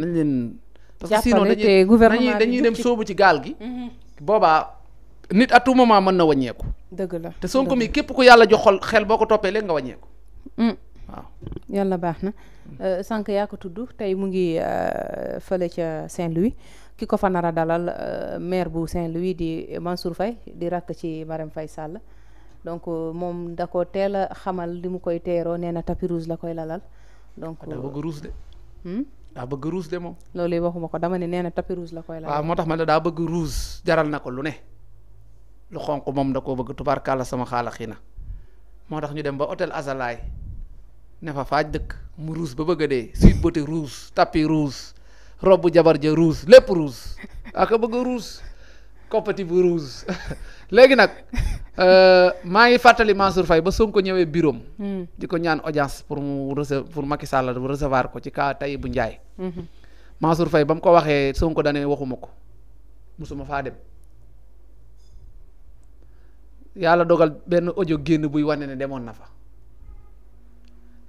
nañ leen. parce que sinon dañuy dañuy dañuy dem sóobu ci gaal gi. Mhm. boobaa nit à tout moment mën na waññeeku dëgg la te Sonko mi képp ku yàlla jox xol xel boo ko toppee léegi nga wàññeeku. Mm. waaw yàlla baax na euh, sànq yaa ko tudd tey mu ngi euh, fale ca Saint-Louis ki ko fa nara a dalal euh, maire bu Saint-Louis di Mansour Faye di rakk ci Marème fay sàll donc moom da ko teel a xamal li mu koy teeroo nee na tapis la koy lalal donc. Ah, bëgg rouge de. Hmm? daa bëgg rouge de moom. loolu yi waxuma ko dama ne nee na tapis rouge la koy la waaw moo tax ma ne daa bëgg rouge jaral na ko lu ne lu xonq moom da koo bëgg tubaarkàlla sama xaala xii na moo tax ñu dem ba hôtel Azalaay ne fa faaj dëkk mu ruus ba bëgg a dee suite beauté rouge tapis rouge robu jabar ja ruus lépp rouge aka bëgg rouge koppati bu rouge léegi nag. Euh, maa ngi fàttali Mansour Faye ba Sonko ñëwee bureau am hmm. di ko ñaan audience pour mu rece pour Macky Sall recevoir ko ci cas bu Ndiaye. Hmm. Mansour Faye ba mu ko waxee Sonko dane waxuma ko musuma faa dem. yàlla dogal benn audio génn buy wane ne demoon na fa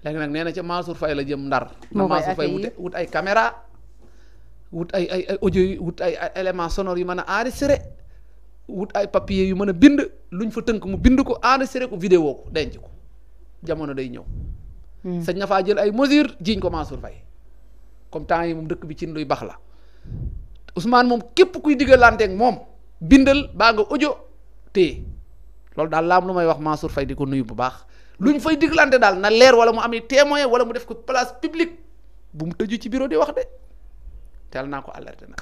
léegi nag nee na ca Mansour Faye la jëm ndar. na Mansour Faye wut wut ay caméra wut ay ay audio wut ay éléments sonores yu mën a enregistré. wut ay papier yu mën a bind luñ fa tënk mu bind ko enregistré ko vidéo ko denc ko jamono day ñëw. Hmm. sañ na faa jël ay mesures jiiñ ko Mansour Faye comme temps yi moom dëkk bi ci luy baax la Ousmane moom képp kuy diggalanteeg moom bindal baa nga audio téye loolu daal laam lu may wax Mansour Faye di ko nuyu bu baax luñ fay diglante daal na leer wala mu am i témoin wala mu def ko place publique bu mu tëju ci biro di wax de teel naa ko alerté nag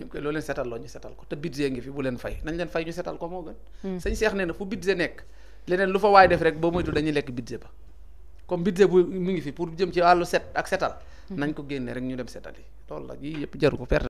ñu koy loolu leen seetaloo ñu seetal ko te budget ngi fi bu leen fay nañ leen fay ñu seetal ko moo gën. Hmm. sëñ Cheikh nee na fu budget nekk leneen lu fa waay def rek boo moytu dañuy lekk budget ba comme budget bu mu ngi fi pour jëm ci wàllu set ak setal. Hmm. nañ ko génne rek ñu dem setal yi loolu la yii yëpp jaru ko perte.